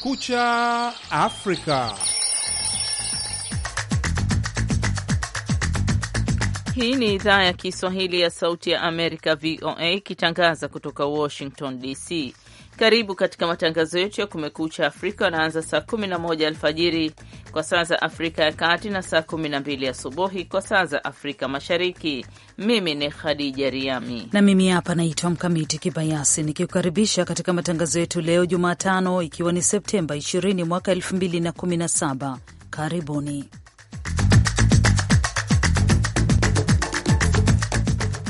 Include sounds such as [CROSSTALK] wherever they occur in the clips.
Kumekucha Afrika. Hii ni idhaa ya Kiswahili ya Sauti ya Amerika, VOA, ikitangaza kutoka Washington DC. Karibu katika matangazo yetu ya Kumekucha Afrika, wanaanza saa 11 alfajiri kwa saa za Afrika ya Kati na saa mbili asubuhi kwa saa za Afrika Mashariki. Mimi ni Khadija Riami na mimi hapa naitwa Mkamiti Kibayasi nikikukaribisha katika matangazo yetu leo Jumatano, ikiwa ni Septemba 20 mwaka 2017. Karibuni.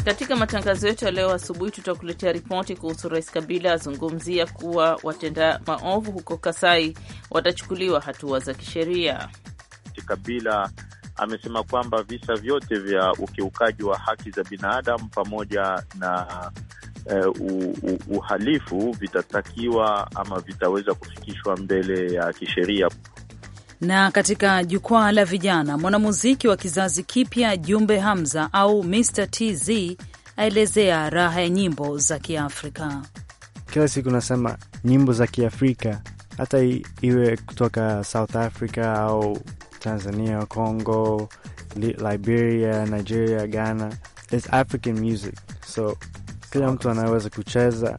Katika matangazo yetu ya leo asubuhi, tutakuletea ripoti kuhusu Rais Kabila azungumzia kuwa watenda maovu huko Kasai watachukuliwa hatua za kisheria. Kabila amesema kwamba visa vyote vya ukiukaji wa haki za binadamu pamoja na Uh, uhalifu vitatakiwa ama vitaweza kufikishwa mbele ya kisheria. Na katika jukwaa la vijana, mwanamuziki wa kizazi kipya Jumbe Hamza au Mr TZ aelezea raha ya nyimbo za Kiafrika. Kila siku nasema nyimbo za Kiafrika, hata iwe kutoka South Africa au Tanzania, Congo, Liberia, Nigeria, Ghana, it's African music, so kila mtu anaweza kucheza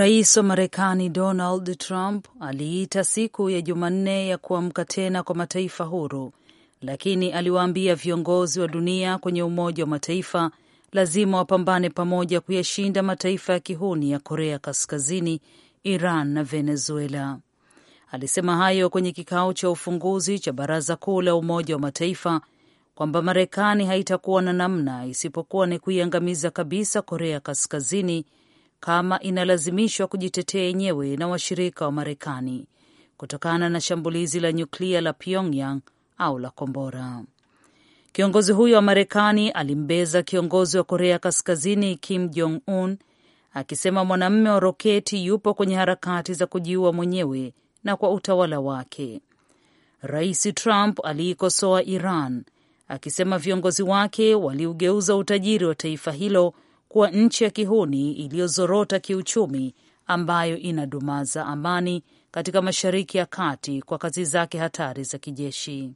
Rais wa Marekani Donald Trump aliita siku ya Jumanne ya kuamka tena kwa mataifa huru, lakini aliwaambia viongozi wa dunia kwenye Umoja wa Mataifa lazima wapambane pamoja kuyashinda mataifa ya kihuni ya Korea Kaskazini, Iran na Venezuela. Alisema hayo kwenye kikao cha ufunguzi cha Baraza Kuu la Umoja wa Mataifa kwamba Marekani haitakuwa na namna isipokuwa ni kuiangamiza kabisa Korea Kaskazini kama inalazimishwa kujitetea yenyewe na washirika wa Marekani kutokana na shambulizi la nyuklia la Pyongyang au la kombora. Kiongozi huyo wa Marekani alimbeza kiongozi wa Korea Kaskazini Kim Jong Un akisema mwanamume wa roketi yupo kwenye harakati za kujiua mwenyewe na kwa utawala wake. Rais Trump aliikosoa Iran akisema viongozi wake waliugeuza utajiri wa taifa hilo kuwa nchi ya kihuni iliyozorota kiuchumi ambayo inadumaza amani katika Mashariki ya Kati kwa kazi zake hatari za kijeshi.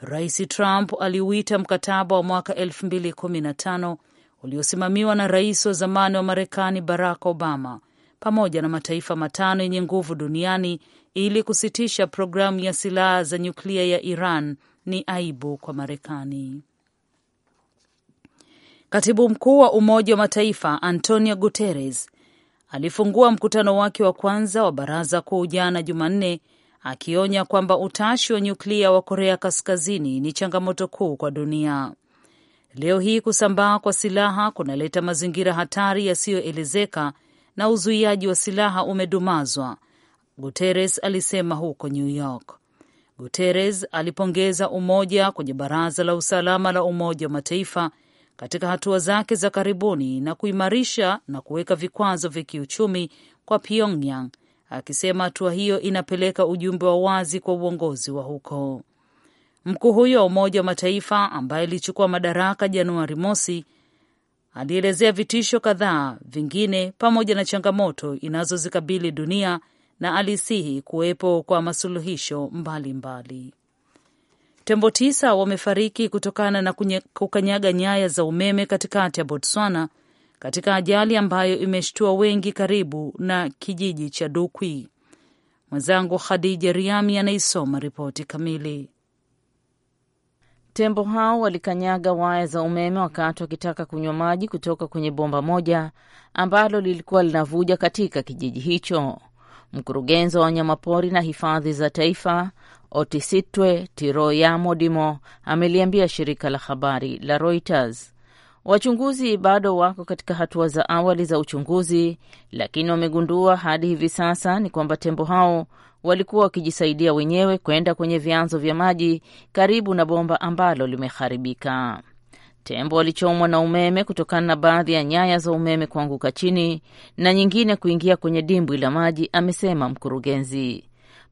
Rais Trump aliuita mkataba wa mwaka 2015 uliosimamiwa na rais wa zamani wa Marekani Barack Obama pamoja na mataifa matano yenye nguvu duniani ili kusitisha programu ya silaha za nyuklia ya Iran ni aibu kwa Marekani. Katibu mkuu wa Umoja wa Mataifa Antonio Guterres alifungua mkutano wake wa kwanza wa Baraza Kuu jana Jumanne, akionya kwamba utashi wa nyuklia wa Korea Kaskazini ni changamoto kuu kwa dunia. Leo hii kusambaa kwa silaha kunaleta mazingira hatari yasiyoelezeka na uzuiaji wa silaha umedumazwa, Guterres alisema huko New York. Guterres alipongeza umoja kwenye Baraza la Usalama la Umoja wa Mataifa katika hatua zake za karibuni na kuimarisha na kuweka vikwazo vya kiuchumi kwa Pyongyang, akisema hatua hiyo inapeleka ujumbe wa wazi kwa uongozi wa huko. Mkuu huyo wa Umoja wa Mataifa ambaye alichukua madaraka Januari mosi alielezea vitisho kadhaa vingine pamoja na changamoto inazozikabili dunia na alisihi kuwepo kwa masuluhisho mbalimbali mbali. Tembo tisa wamefariki kutokana na kukanyaga nyaya za umeme katikati ya Botswana katika ajali ambayo imeshtua wengi karibu na kijiji cha Dukwi. Mwenzangu Khadija Riami anaisoma ripoti kamili. Tembo hao walikanyaga waya za umeme wakati wakitaka kunywa maji kutoka kwenye bomba moja ambalo lilikuwa linavuja katika kijiji hicho. Mkurugenzi wa wanyamapori na hifadhi za taifa Otisitwe Tiroyamodimo ameliambia shirika la habari la Reuters. Wachunguzi bado wako katika hatua za awali za uchunguzi, lakini wamegundua hadi hivi sasa ni kwamba tembo hao walikuwa wakijisaidia wenyewe kwenda kwenye vyanzo vya maji karibu na bomba ambalo limeharibika. Tembo walichomwa na umeme kutokana na baadhi ya nyaya za umeme kuanguka chini na nyingine kuingia kwenye dimbwi la maji, amesema mkurugenzi.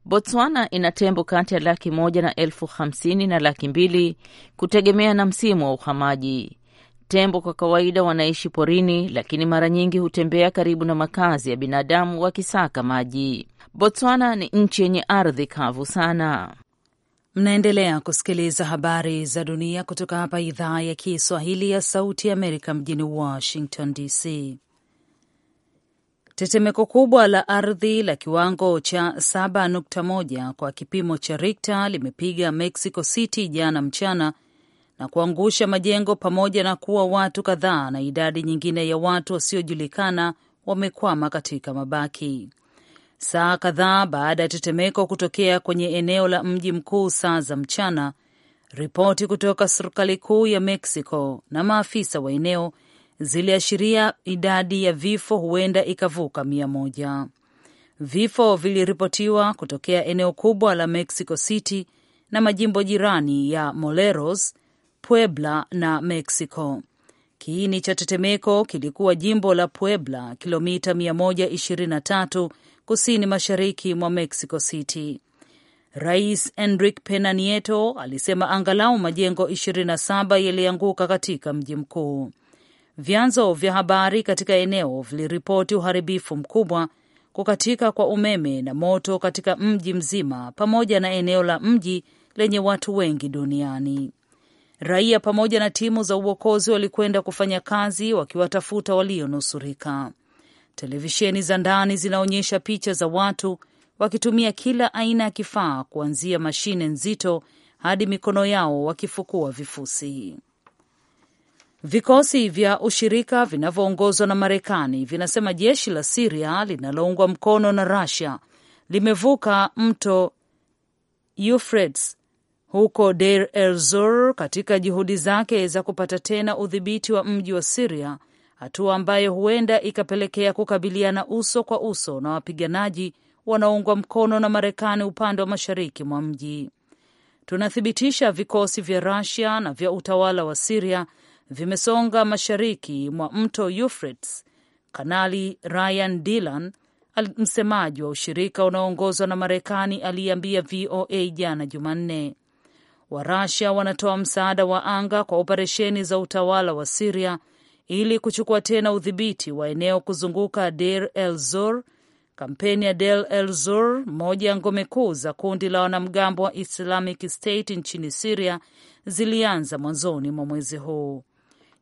Botswana ina tembo kati ya laki moja na elfu hamsini na laki mbili kutegemea na msimu wa uhamaji. Tembo kwa kawaida wanaishi porini, lakini mara nyingi hutembea karibu na makazi ya binadamu wakisaka maji. Botswana ni nchi yenye ardhi kavu sana. Mnaendelea kusikiliza habari za dunia kutoka hapa idhaa ya Kiswahili ya Sauti ya Amerika mjini Washington DC. Tetemeko kubwa la ardhi la kiwango cha 7.1 kwa kipimo cha Richter limepiga Mexico City jana mchana na kuangusha majengo pamoja na kuwa watu kadhaa na idadi nyingine ya watu wasiojulikana wamekwama katika mabaki. Saa kadhaa baada ya tetemeko kutokea kwenye eneo la mji mkuu saa za mchana, ripoti kutoka serikali kuu ya Mexico na maafisa wa eneo ziliashiria idadi ya vifo huenda ikavuka mia moja. Vifo viliripotiwa kutokea eneo kubwa la Mexico City na majimbo jirani ya moleros Puebla na Mexico. Kiini cha tetemeko kilikuwa jimbo la Puebla, kilomita 123 kusini mashariki mwa Mexico City. Rais Enrique Pena Nieto alisema angalau majengo 27 yalianguka katika mji mkuu. Vyanzo vya habari katika eneo viliripoti uharibifu mkubwa, kukatika kwa umeme na moto katika mji mzima, pamoja na eneo la mji lenye watu wengi duniani. Raia pamoja na timu za uokozi walikwenda kufanya kazi wakiwatafuta walionusurika. Televisheni za ndani zinaonyesha picha za watu wakitumia kila aina ya kifaa kuanzia mashine nzito hadi mikono yao wakifukua vifusi. Vikosi vya ushirika vinavyoongozwa na Marekani vinasema jeshi la Siria linaloungwa mkono na Rusia limevuka mto Euphrates huko Deir ez-Zor katika juhudi zake za kupata tena udhibiti wa mji wa Siria, hatua ambayo huenda ikapelekea kukabiliana uso kwa uso na wapiganaji wanaoungwa mkono na Marekani upande wa mashariki mwa mji. Tunathibitisha vikosi vya Rusia na vya utawala wa Siria vimesonga mashariki mwa mto Euphrates. Kanali Ryan Dillon, msemaji wa ushirika unaoongozwa na Marekani, aliambia VOA jana Jumanne Warusia wanatoa msaada wa anga kwa operesheni za utawala wa Siria ili kuchukua tena udhibiti wa eneo kuzunguka Deir el Zor. Kampeni ya Deir el Zor, moja ya ngome kuu za kundi la wanamgambo wa Islamic State nchini Siria, zilianza mwanzoni mwa mwezi huu.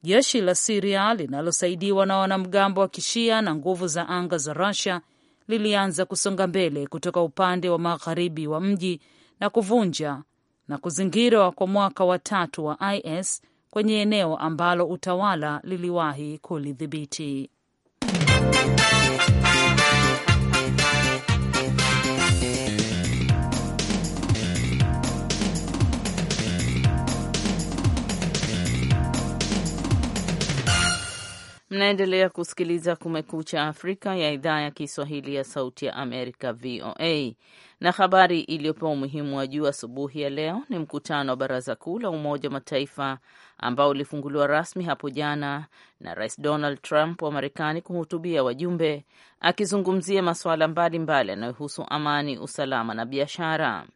Jeshi la Siria linalosaidiwa na wanamgambo wa kishia na nguvu za anga za Rusia lilianza kusonga mbele kutoka upande wa magharibi wa mji na kuvunja na kuzingirwa kwa mwaka wa tatu wa IS kwenye eneo ambalo utawala liliwahi kulidhibiti. Mnaendelea kusikiliza Kumekucha Afrika ya idhaa ya Kiswahili ya Sauti ya Amerika, VOA. Na habari iliyopewa umuhimu wa juu asubuhi ya leo ni mkutano wa Baraza Kuu la Umoja wa Mataifa ambao ulifunguliwa rasmi hapo jana na Rais Donald Trump wa Marekani kuhutubia wajumbe, akizungumzia masuala mbalimbali yanayohusu amani, usalama na biashara.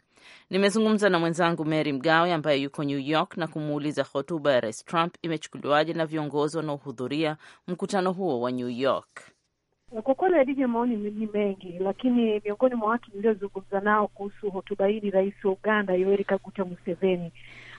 Nimezungumza na mwenzangu Mary Mgawe ambaye yuko New York na kumuuliza hotuba ya Rais Trump imechukuliwaje na viongozi wanaohudhuria mkutano huo wa New York. Kwa kweli Adija, maoni ni mengi, lakini miongoni mwa watu niliozungumza nao kuhusu hotuba hii ni rais wa Uganda Yoweri Kaguta Museveni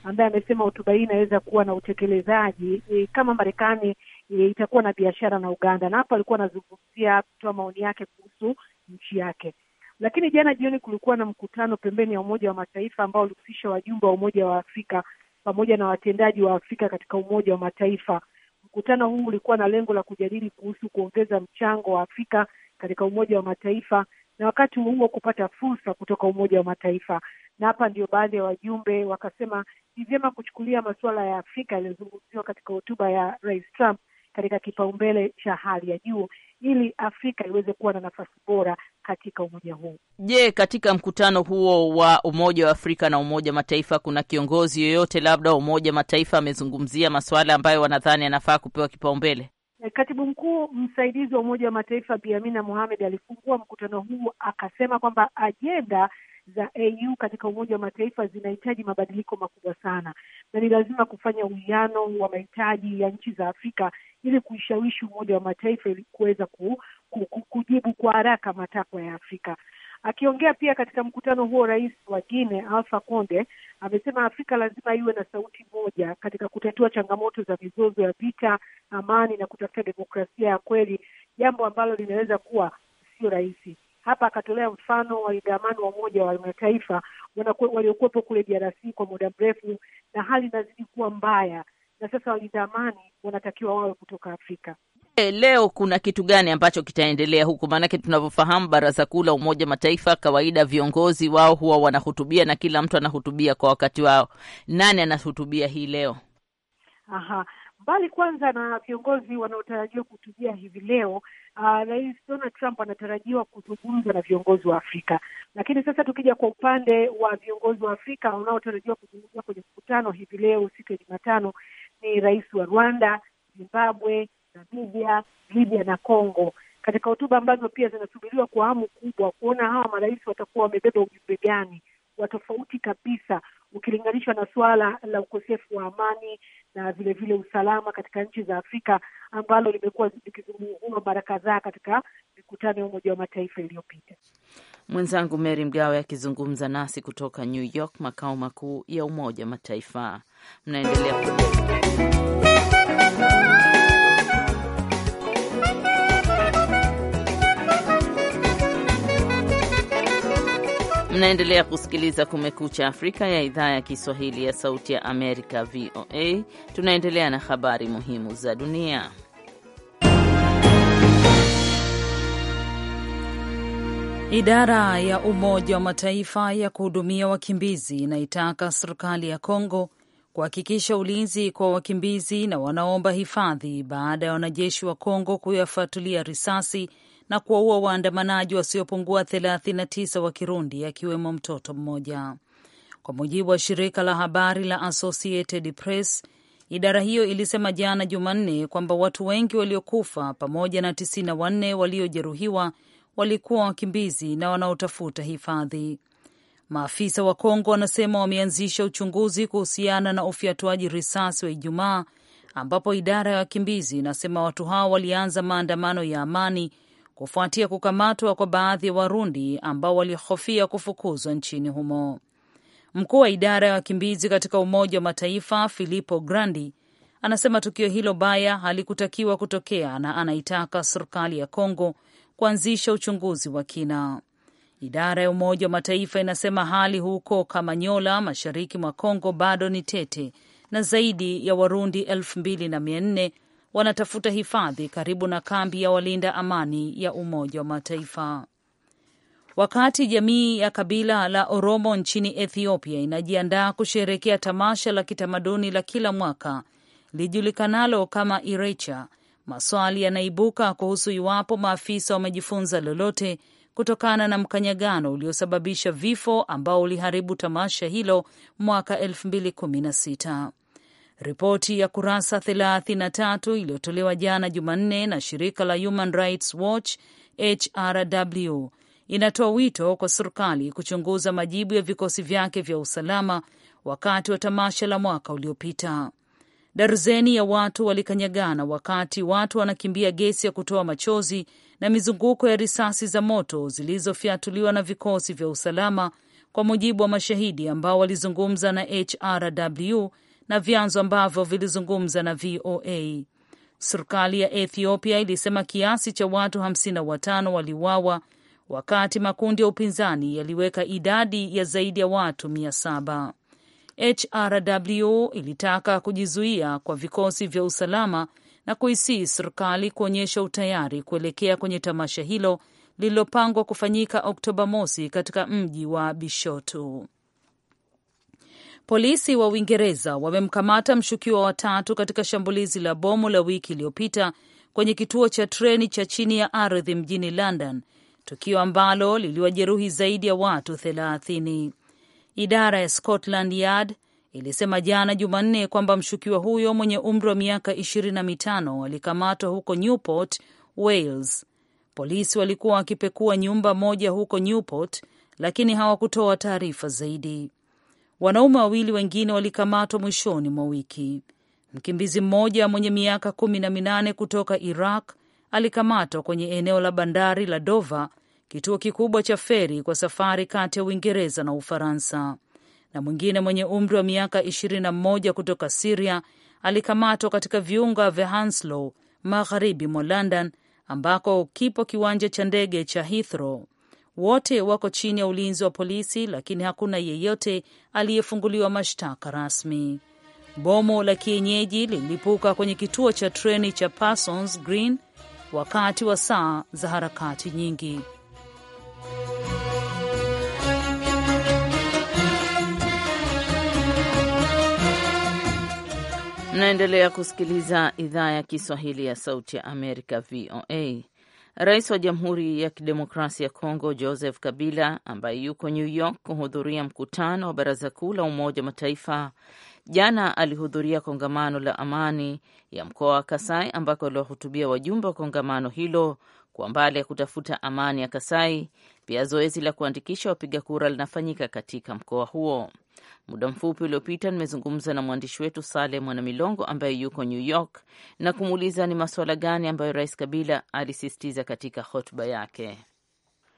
ambaye amesema hotuba hii inaweza kuwa na utekelezaji e, kama Marekani e, itakuwa na biashara na Uganda, na hapo alikuwa anazungumzia kutoa maoni yake kuhusu nchi yake. Lakini jana jioni kulikuwa na mkutano pembeni ya Umoja wa Mataifa ambao ulihusisha wajumbe wa Umoja wa Afrika pamoja na watendaji wa Afrika katika Umoja wa Mataifa. Mkutano huu ulikuwa na lengo la kujadili kuhusu kuongeza mchango wa Afrika katika Umoja wa Mataifa na wakati huo kupata fursa kutoka Umoja wa Mataifa. Na hapa ndio baadhi ya wajumbe wakasema ni vyema kuchukulia masuala ya Afrika yaliyozungumziwa katika hotuba ya Rais Trump katika kipaumbele cha hali ya juu ili Afrika iweze kuwa na nafasi bora katika umoja huu. Je, katika mkutano huo wa Umoja wa Afrika na Umoja Mataifa kuna kiongozi yoyote labda Umoja Mataifa amezungumzia masuala ambayo wanadhani yanafaa kupewa kipaumbele? Eh, katibu mkuu msaidizi wa Umoja wa Mataifa Bi Amina Mohamed alifungua mkutano huu akasema kwamba ajenda za AU katika Umoja wa Mataifa zinahitaji mabadiliko makubwa sana, na ni lazima kufanya uwiano wa mahitaji ya nchi za Afrika ili kuishawishi Umoja wa Mataifa ili kuweza ku, ku, ku, kujibu kwa haraka matakwa ya Afrika. Akiongea pia katika mkutano huo, rais wa Guine Alpha Conde amesema Afrika lazima iwe na sauti moja katika kutatua changamoto za mizozo ya vita, amani na kutafuta demokrasia ya kweli, jambo ambalo linaweza kuwa sio rahisi. Hapa akatolea mfano wa wa Umoja wa Mataifa waliokuwepo kule DRC kwa muda mrefu, na hali inazidi kuwa mbaya, na sasa walidhamani wanatakiwa wawe kutoka Afrika. E, leo kuna kitu gani ambacho kitaendelea huku Maanake tunavyofahamu baraza kuu la Umoja Mataifa, kawaida viongozi wao huwa wanahutubia na kila mtu anahutubia kwa wakati wao. Nani anahutubia hii leo? Aha, mbali kwanza na viongozi wanaotarajiwa kuhutubia hivi leo Ah, rais uh, Donald Trump anatarajiwa kuzungumza na viongozi wa Afrika. Lakini sasa tukija kwa upande wa viongozi wa Afrika wanaotarajiwa kuzungumza kwenye mkutano hivi leo, siku ya Jumatano, ni rais wa Rwanda, Zimbabwe, Namibia, Libya na Congo, katika hotuba ambazo pia zinasubiriwa kwa hamu kubwa kuona hawa marais watakuwa wamebeba ujumbe gani wa tofauti kabisa ukilinganishwa na suala la ukosefu wa amani na vilevile vile usalama katika nchi za Afrika ambalo limekuwa likizungumzwa mara kadhaa katika mikutano ya Umoja wa Mataifa iliyopita. Mwenzangu Mary Mgawe akizungumza nasi kutoka New York, makao makuu ya Umoja wa Mataifa. Mnaendelea Mnaendelea kusikiliza Kumekucha Afrika ya idhaa ya Kiswahili ya Sauti ya Amerika, VOA. Tunaendelea na habari muhimu za dunia. Idara ya Umoja wa Mataifa ya kuhudumia wakimbizi inaitaka serikali ya Kongo kuhakikisha ulinzi kwa wakimbizi na wanaomba hifadhi baada ya wanajeshi wa Kongo kuyafuatulia risasi na kuwaua waandamanaji wasiopungua 39 wa Kirundi, akiwemo mtoto mmoja, kwa mujibu wa shirika la habari la Associated Press. Idara hiyo ilisema jana Jumanne kwamba watu wengi waliokufa pamoja na wanne waliojeruhiwa walikuwa wakimbizi na wanaotafuta hifadhi. Maafisa wa Kongo wanasema wameanzisha uchunguzi kuhusiana na ufyatuaji risasi wa Ijumaa, ambapo idara ya wakimbizi inasema watu hao walianza maandamano ya amani kufuatia kukamatwa kwa baadhi ya Warundi ambao walihofia kufukuzwa nchini humo. Mkuu wa idara ya wakimbizi katika Umoja wa Mataifa Filippo Grandi anasema tukio hilo baya halikutakiwa kutokea na anaitaka serikali ya Kongo kuanzisha uchunguzi wa kina. Idara ya Umoja wa Mataifa inasema hali huko Kamanyola, mashariki mwa Kongo, bado ni tete na zaidi ya Warundi elfu mbili na mia nne wanatafuta hifadhi karibu na kambi ya walinda amani ya Umoja wa Mataifa. Wakati jamii ya kabila la Oromo nchini Ethiopia inajiandaa kusherekea tamasha la kitamaduni la kila mwaka lijulikanalo kama Irecha, maswali yanaibuka kuhusu iwapo maafisa wamejifunza lolote kutokana na mkanyagano uliosababisha vifo ambao uliharibu tamasha hilo mwaka 2016. Ripoti ya kurasa 33 iliyotolewa jana Jumanne na shirika la Human Rights Watch HRW inatoa wito kwa serikali kuchunguza majibu ya vikosi vyake vya usalama wakati wa tamasha la mwaka uliopita. Darzeni ya watu walikanyagana wakati watu wanakimbia gesi ya kutoa machozi na mizunguko ya risasi za moto zilizofyatuliwa na vikosi vya usalama, kwa mujibu wa mashahidi ambao walizungumza na HRW na vyanzo ambavyo vilizungumza na VOA. Serikali ya Ethiopia ilisema kiasi cha watu 55 waliuawa wakati makundi ya upinzani yaliweka idadi ya zaidi ya watu 700. HRW ilitaka kujizuia kwa vikosi vya usalama na kuisii serikali kuonyesha utayari kuelekea kwenye tamasha hilo lililopangwa kufanyika Oktoba mosi katika mji wa Bishotu. Polisi wa Uingereza wamemkamata mshukiwa watatu katika shambulizi la bomu la wiki iliyopita kwenye kituo cha treni cha chini ya ardhi mjini London, tukio ambalo liliwajeruhi zaidi ya watu thelathini. Idara ya Scotland Yard ilisema jana Jumanne kwamba mshukiwa huyo mwenye umri wa miaka ishirini na mitano alikamatwa huko Newport, Wales. Polisi walikuwa wakipekua nyumba moja huko Newport, lakini hawakutoa taarifa zaidi. Wanaume wawili wengine walikamatwa mwishoni mwa wiki. Mkimbizi mmoja mwenye miaka kumi na minane kutoka Iraq alikamatwa kwenye eneo la bandari la dova kituo kikubwa cha feri kwa safari kati ya Uingereza na Ufaransa, na mwingine mwenye umri wa miaka ishirini na mmoja kutoka Siria alikamatwa katika viunga vya hanslow magharibi mwa London ambako kipo kiwanja cha ndege cha Heathrow wote wako chini ya ulinzi wa polisi, lakini hakuna yeyote aliyefunguliwa mashtaka rasmi. bomo la kienyeji lilipuka kwenye kituo cha treni cha Parsons Green wakati wa saa za harakati nyingi. Mnaendelea kusikiliza idhaa ya Kiswahili ya Sauti ya Amerika, VOA. Rais wa Jamhuri ya Kidemokrasia ya Kongo Joseph Kabila, ambaye yuko New York kuhudhuria mkutano wa Baraza Kuu la Umoja wa Mataifa, jana alihudhuria kongamano la amani ya mkoa wa Kasai ambako aliwahutubia wajumbe wa kongamano hilo. Kwa mbali ya kutafuta amani ya Kasai, pia zoezi la kuandikisha wapiga kura linafanyika katika mkoa huo. Muda mfupi uliopita nimezungumza na mwandishi wetu Sale Mwanamilongo ambaye yuko New York na kumuuliza ni masuala gani ambayo Rais Kabila alisisitiza katika hotuba yake.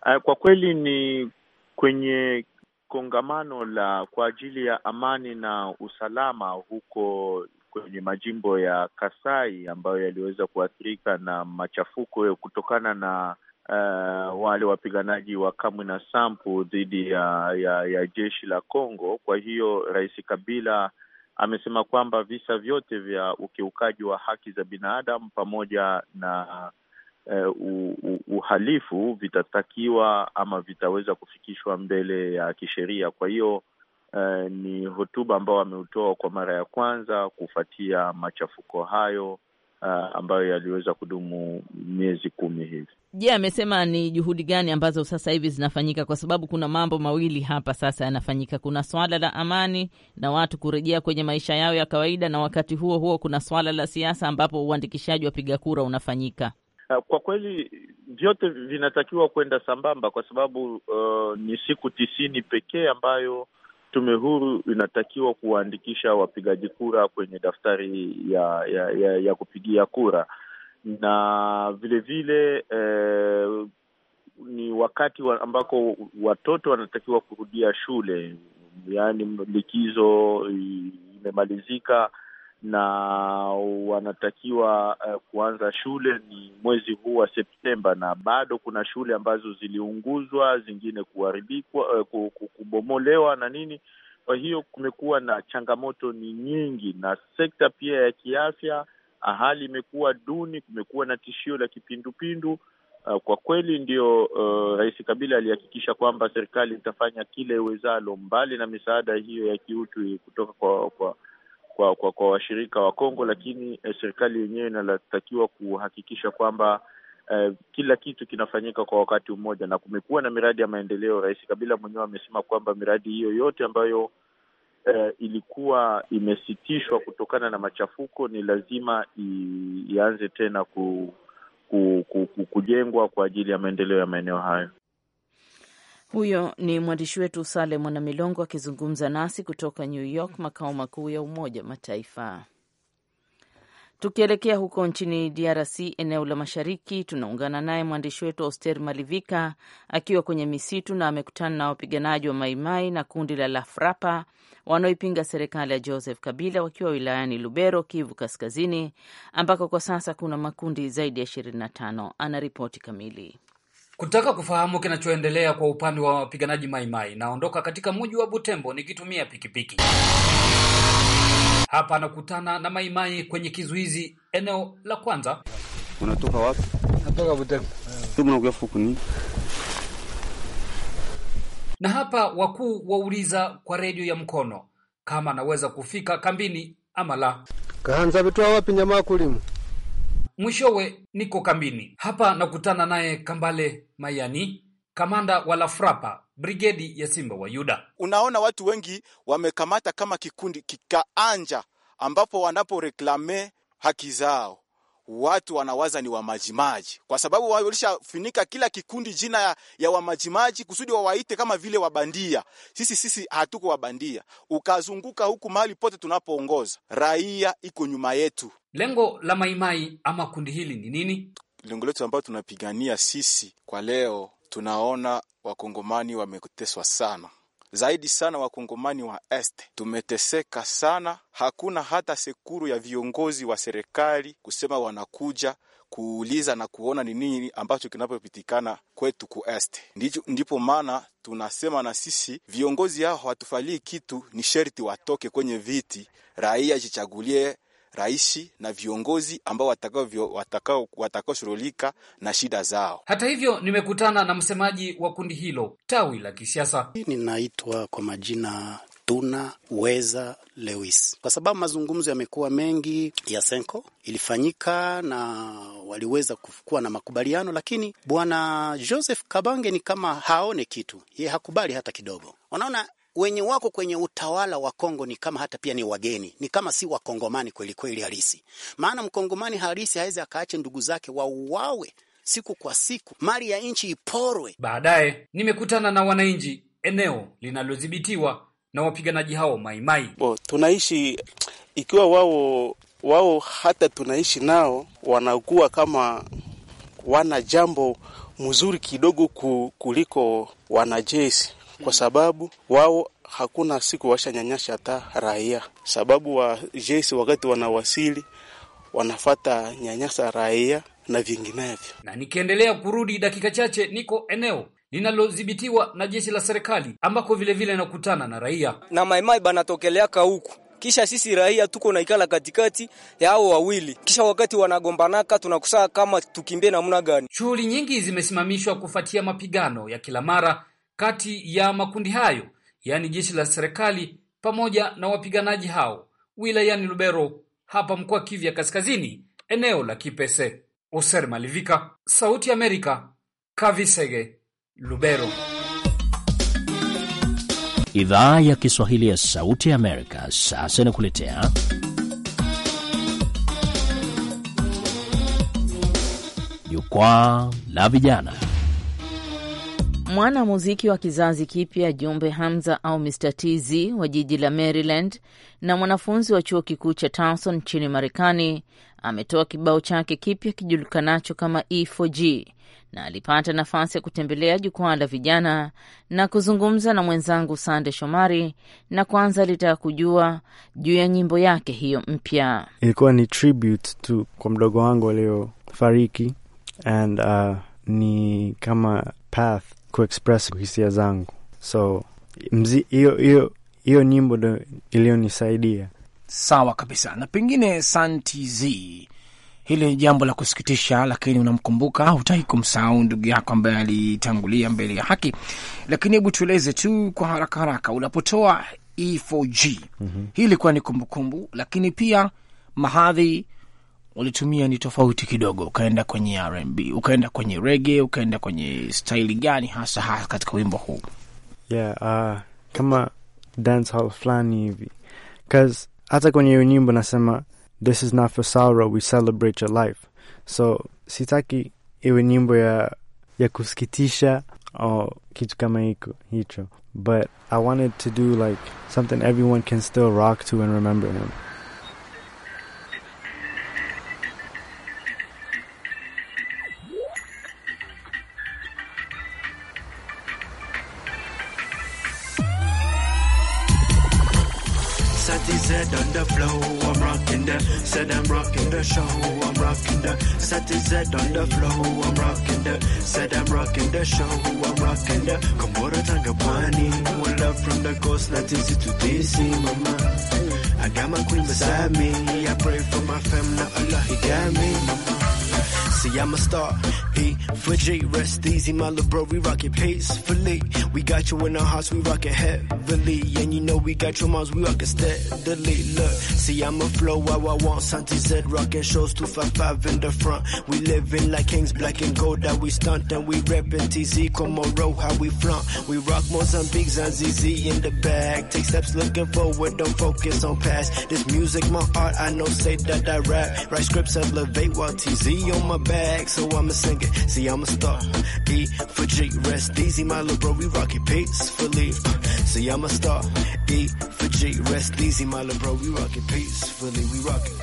Ah, kwa kweli ni kwenye kongamano la kwa ajili ya amani na usalama huko kwenye majimbo ya Kasai ambayo yaliweza kuathirika na machafuko kutokana na uh, wale wapiganaji wa na sampu dhidi ya, ya, ya jeshi la congo Kwa hiyo Rais Kabila amesema kwamba visa vyote vya ukiukaji wa haki za binadamu pamoja na uh, uhalifu vitatakiwa ama vitaweza kufikishwa mbele ya kisheria. Kwa hiyo uh, ni hotuba ambao ameutoa kwa mara ya kwanza kufuatia machafuko hayo uh, ambayo yaliweza kudumu miezi kumi hivi. Je, yeah, amesema ni juhudi gani ambazo sasa hivi zinafanyika? Kwa sababu kuna mambo mawili hapa sasa yanafanyika. Kuna swala la amani na watu kurejea kwenye maisha yao ya kawaida, na wakati huo huo kuna swala la siasa ambapo uandikishaji wa piga kura unafanyika. Uh, kwa kweli vyote vinatakiwa kwenda sambamba, kwa sababu uh, ni siku tisini pekee ambayo tume huru inatakiwa kuwaandikisha wapigaji kura kwenye daftari ya ya, ya, ya kupigia kura na vilevile eh, ni wakati wa ambako watoto wanatakiwa kurudia shule, yaani likizo imemalizika na wanatakiwa uh, kuanza shule ni mwezi huu wa Septemba, na bado kuna shule ambazo ziliunguzwa, zingine kuharibikwa, uh, kubomolewa na nini. Kwa hiyo kumekuwa na changamoto ni nyingi, na sekta pia ya kiafya, ah, hali imekuwa duni, kumekuwa na tishio la kipindupindu. Uh, kwa kweli ndio uh, Rais Kabila alihakikisha kwamba serikali itafanya kile iwezalo, mbali na misaada hiyo ya kiutu kutoka kwa, kwa kwa kwa, kwa washirika wa Kongo, lakini eh, serikali yenyewe inatakiwa kuhakikisha kwamba eh, kila kitu kinafanyika kwa wakati mmoja, na kumekuwa na miradi ya maendeleo. Rais Kabila mwenyewe amesema kwamba miradi hiyo yote ambayo eh, ilikuwa imesitishwa kutokana na machafuko ni lazima ianze tena ku, ku, ku, ku, kujengwa kwa ajili ya maendeleo ya maeneo hayo. Huyo ni mwandishi wetu Sale Mwanamilongo akizungumza nasi kutoka New York, makao makuu ya Umoja Mataifa. Tukielekea huko nchini DRC, eneo la mashariki, tunaungana naye mwandishi wetu Oster Malivika akiwa kwenye misitu na amekutana na wapiganaji wa Maimai na kundi la Lafrapa wanaoipinga serikali ya Joseph Kabila wakiwa wilayani Lubero, Kivu Kaskazini, ambako kwa sasa kuna makundi zaidi ya 25. Ana ripoti kamili. Kutaka kufahamu kinachoendelea kwa upande wa wapiganaji Maimai, naondoka katika mji wa Butembo nikitumia pikipiki. Hapa nakutana na Maimai kwenye kizuizi, eneo la kwanza. Unatoka wapi? Natoka Butembo. ni na hapa wakuu wauliza kwa redio ya mkono kama naweza kufika kambini ama la. Kaanza vitoa wapi nyamaa kulimu Mwishowe niko kambini hapa, nakutana naye Kambale Mayani, kamanda wa Lafrapa, brigedi ya Simba wa Yuda. Unaona watu wengi wamekamata kama kikundi kikaanja, ambapo wanaporeklame haki zao watu wanawaza ni wamajimaji, kwa sababu walishafunika kila kikundi jina ya, ya wamajimaji kusudi wawaite kama vile wabandia. Sisi sisi hatuko wabandia. Ukazunguka huku mahali pote tunapoongoza, raia iko nyuma yetu. Lengo la Maimai ama kundi hili ni nini? Lengo letu ambayo tunapigania sisi kwa leo, tunaona wakongomani wameteswa sana zaidi sana wakongomani wa este tumeteseka sana. Hakuna hata sekuru ya viongozi wa serikali kusema wanakuja kuuliza na kuona ni nini ambacho kinapopitikana kwetu ku este. Ndipo maana tunasema na sisi viongozi hao hawatufalii kitu, ni sherti watoke kwenye viti, raia jichagulie rais na viongozi ambao watakao watakao watakaoshughulika na shida zao. Hata hivyo, nimekutana na msemaji wa kundi hilo tawi la kisiasa. Ninaitwa kwa majina Tuna Weza Lewis, kwa sababu mazungumzo yamekuwa mengi ya Senko ilifanyika na waliweza kuwa na makubaliano, lakini bwana Joseph Kabange ni kama haone kitu, ye hakubali hata kidogo. Unaona, wenye wako kwenye utawala wa Kongo ni kama hata pia ni wageni, ni kama si wakongomani kweli kweli halisi. Maana mkongomani halisi hawezi akaache ndugu zake wauawe siku kwa siku, mali ya nchi iporwe. Baadaye nimekutana na wananchi eneo linalodhibitiwa na wapiganaji hao maimai mai. Tunaishi ikiwa wao wao, hata tunaishi nao, wanakuwa kama wana jambo mzuri kidogo kuliko wanajeshi kwa sababu wao hakuna siku washanyanyasha hata raia, sababu wa jeshi wakati wanawasili wanafata nyanyasa raia na vinginevyo. Na nikiendelea kurudi dakika chache, niko eneo linalodhibitiwa na jeshi la serikali ambako vilevile nakutana na raia na maimai banatokeleaka huku kisha sisi raia tuko na ikala katikati ya hao wawili, kisha wakati wanagombanaka tunakusaa kama tukimbie namna gani. Shughuli nyingi zimesimamishwa kufuatia mapigano ya kila mara kati ya makundi hayo, yaani jeshi la serikali pamoja na wapiganaji hao wilayani Lubero hapa mkoa Kivu Kaskazini, eneo la Kipese. Oser Malivika, Sauti ya Amerika, Kavisege, Lubero. Idhaa ya Kiswahili ya Sauti ya Amerika sasa inakuletea Jukwaa la Vijana. Mwanamuziki wa kizazi kipya Jumbe Hamza au Mr TZ wa jiji la Maryland na mwanafunzi wa chuo kikuu cha Towson nchini Marekani ametoa kibao chake kipya kijulikanacho kama E4G na alipata nafasi ya kutembelea jukwaa la vijana na kuzungumza na mwenzangu Sande Shomari, na kwanza alitaka kujua juu ya nyimbo yake hiyo mpya. Ilikuwa ni tribute tu kwa mdogo wangu aliofariki and uh, ni kama path kuexpress hisia zangu, so hiyo nyimbo ndo iliyonisaidia. Sawa kabisa. Na pengine santz hili ni jambo la kusikitisha, lakini unamkumbuka, hutaki kumsahau ndugu yako ambaye alitangulia mbele ya haki. Lakini hebu tueleze tu kwa haraka haraka, unapotoa E4G, mm -hmm. hii ilikuwa ni kumbukumbu, lakini pia mahadhi ulitumia ni tofauti kidogo, ukaenda kwenye R&B, ukaenda kwenye rege, ukaenda kwenye staili gani hasa hasa katika wimbo huu? Yeah, uh, kama dancehall fulani hivi, cause hata kwenye hiyo nyimbo nasema this is not for sorrow we celebrate your life, so sitaki iwe nyimbo ya, ya kusikitisha or kitu kama hiko hicho, but I wanted to do like something everyone can still rock to and remember him Set on the flow, I'm rocking the said I'm rocking the show, I'm rocking the set is set on the flow, I'm rocking the said I'm rocking the show, I'm rocking the Komora Tangapani. one love from the coast, not easy to DC, mama. I got my queen beside me. I pray for my family, Allah, He got me. See, I'm a star for J, rest easy, my little bro, we rockin' peacefully. We got you in our hearts, we rockin' heavily. And you know we got your moms, we rockin' steadily. Look, see, I'm a flow how I want, Santi Z, rockin' shows 255 in the front. We livin' like kings, black and gold that we stunt. And we reppin' TZ, Comoro, how we front. We rock Mozambique, Zanzizi in the back. Take steps looking forward, don't focus on past. This music, my art, I know, say that I rap. Write scripts, elevate while TZ on my back. So I'ma sing it. See, I'm a star. E for G, rest easy, my little bro. We rock it peacefully. See, I'm a star. E for G, rest easy, my little bro. We rock it peacefully. We rock it.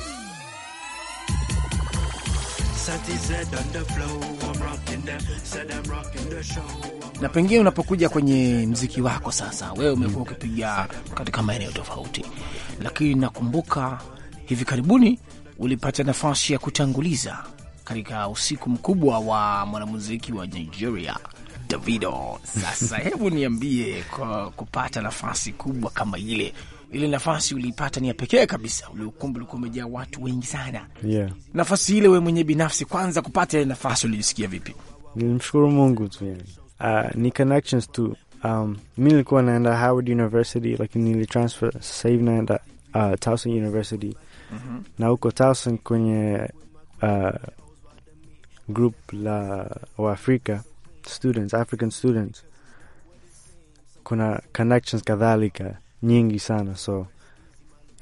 Na pengine unapokuja kwenye mziki wako sasa, wewe umekuwa ukipiga katika maeneo tofauti, lakini nakumbuka hivi karibuni ulipata nafasi ya kutanguliza katika usiku mkubwa wa mwanamuziki wa Nigeria Davido. Sasa [LAUGHS] hebu niambie, kwa kupata nafasi kubwa kama ile ile nafasi uliipata ni ya pekee kabisa, ule ukumbi ulikuwa umejaa watu wengi sana yeah. Nafasi ile wewe mwenyewe binafsi, kwanza kupata ile nafasi ulijisikia vipi? Nilimshukuru Mungu tu yani. Uh, ni connections tu um, mi nilikuwa naenda Howard University lakini nilitransfer sasa hivi naenda uh, Towson University mm -hmm. na huko Towson kwenye uh, group la Waafrika students, African students, kuna connections kadhalika nyingi sana, so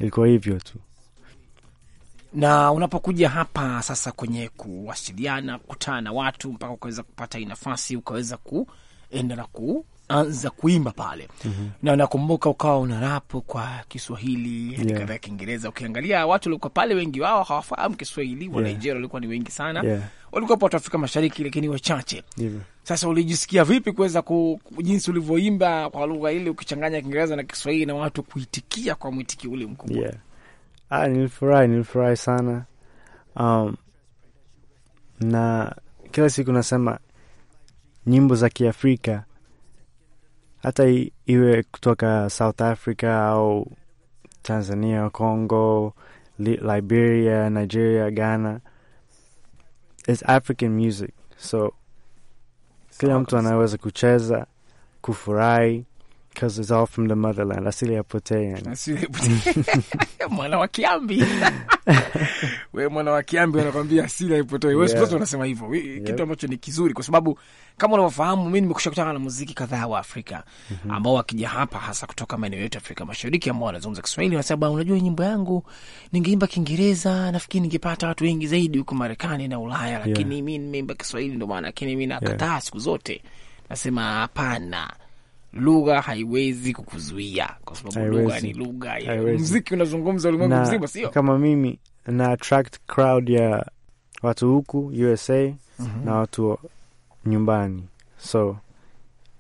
ilikuwa hivyo tu. Na unapokuja hapa sasa kwenye kuwasiliana, kukutana na watu mpaka ukaweza kupata hii nafasi, ukaweza kuenda na kuanza kuimba pale mm -hmm. na nakumbuka ukawa una rapu kwa Kiswahili yeah. kadhaa Kiingereza. Ukiangalia watu walikuwa pale, wengi wao hawafahamu Kiswahili wa yeah. Nigeria walikuwa ni wengi sana yeah walikuwepo watu Afrika Mashariki, lakini wachache. Sasa ulijisikia vipi kuweza ku jinsi ulivyoimba kwa lugha ile ukichanganya Kiingereza na Kiswahili na watu kuitikia kwa mwitiki ule mkubwa? Yeah. Ah, nilifurahi, nilifurahi sana um, na kila siku nasema nyimbo za Kiafrika hata iwe kutoka South Africa au Tanzania, Congo, Liberia, Nigeria, Ghana es African music. So kila mtu anaweza kucheza, Kufurai, Because it's all from the motherland. Asili ya Potea. Asili ya Potea. Mwana wa Kiambi. [LAUGHS] We mwana wa Kiambi anakuambia asili haipotei. Wewe yeah. Sio unasema hivyo. Yep. Kitu ambacho ni kizuri kwa sababu kama unavyofahamu mimi nimekusha kutana na muziki kadhaa wa Afrika mm -hmm. ambao wakija hapa hasa kutoka maeneo yote Afrika Mashariki ambao wanazungumza Kiswahili wanasema unajua, nyimbo yangu ningeimba Kiingereza nafikiri ningepata watu wengi zaidi huko Marekani na Ulaya, lakini yeah. mimi nimeimba Kiswahili ndio maana lakini mimi nakataa siku zote. Nasema hapana lugha haiwezi kukuzuia kwa sababu lugha ni lugha. Mziki unazungumza ulimwengu mzima, sio kama mimi na attract crowd ya watu huku USA mm -hmm. na watu nyumbani, so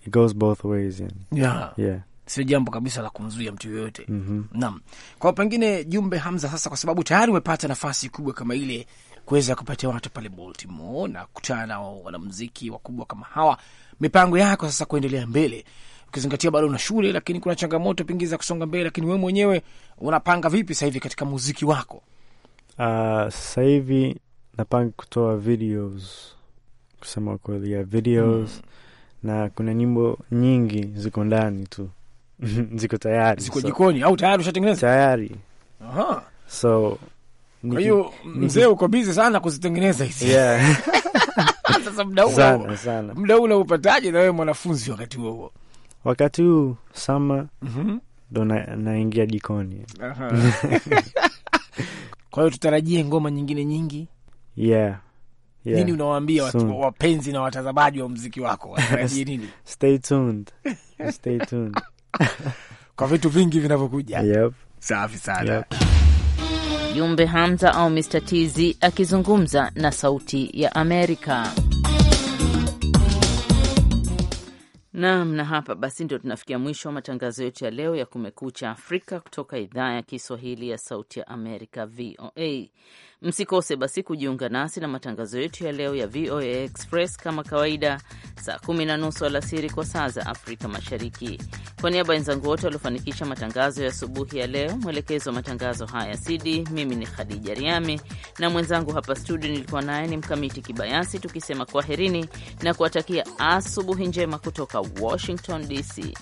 it goes both ways yani. yeah. yeah. Sio jambo kabisa la kumzuia mtu yoyote. mm -hmm. Naam, kwa pengine Jumbe Hamza, sasa kwa sababu tayari umepata nafasi kubwa kama ile kuweza kupatia watu pale Baltimore na kukutana na wanamuziki wakubwa kama hawa, mipango yako sasa kuendelea mbele ukizingatia bado una shule, lakini kuna changamoto pingi za kusonga mbele, lakini wewe mwenyewe unapanga vipi sasa hivi katika muziki wako? Uh, sasa hivi napanga kutoa videos, kusema kweli ya videos mm. na kuna nyimbo nyingi ziko ndani tu [LAUGHS] ziko tayari, ziko jikoni so, au tayari ushatengeneza tayari. Aha. so kwa hiyo mzee, uko bizi sana kuzitengeneza hizi yeah. [LAUGHS] Sasa muda huu unaupataje na wewe mwanafunzi wakati huo huo? wakati huu sama mm-hmm. ndo naingia jikoni [LAUGHS] kwa hiyo tutarajie ngoma nyingine nyingi yeah. Yeah. Nini unawaambia wapenzi na watazamaji wa mziki wako [LAUGHS] nini? Stay tuned. Stay tuned. [LAUGHS] kwa vitu vingi vinavyokuja. Yep. Safi sana. Yep. Jumbe Hamza au Mr. tz akizungumza na Sauti ya Amerika. Naam, na hapa basi ndio tunafikia mwisho wa matangazo yetu ya leo ya Kumekucha Afrika kutoka idhaa ya Kiswahili ya Sauti ya Amerika, VOA. Msikose basi kujiunga nasi na matangazo yetu ya leo ya VOA Express kama kawaida, saa kumi na nusu alasiri kwa saa za Afrika Mashariki. Kwa niaba ya wenzangu wote waliofanikisha matangazo ya asubuhi ya leo, mwelekezo wa matangazo haya Sidi, mimi ni Khadija Riami na mwenzangu hapa studio nilikuwa naye ni Mkamiti Kibayasi, tukisema kwaherini na kuwatakia asubuhi njema kutoka Washington DC.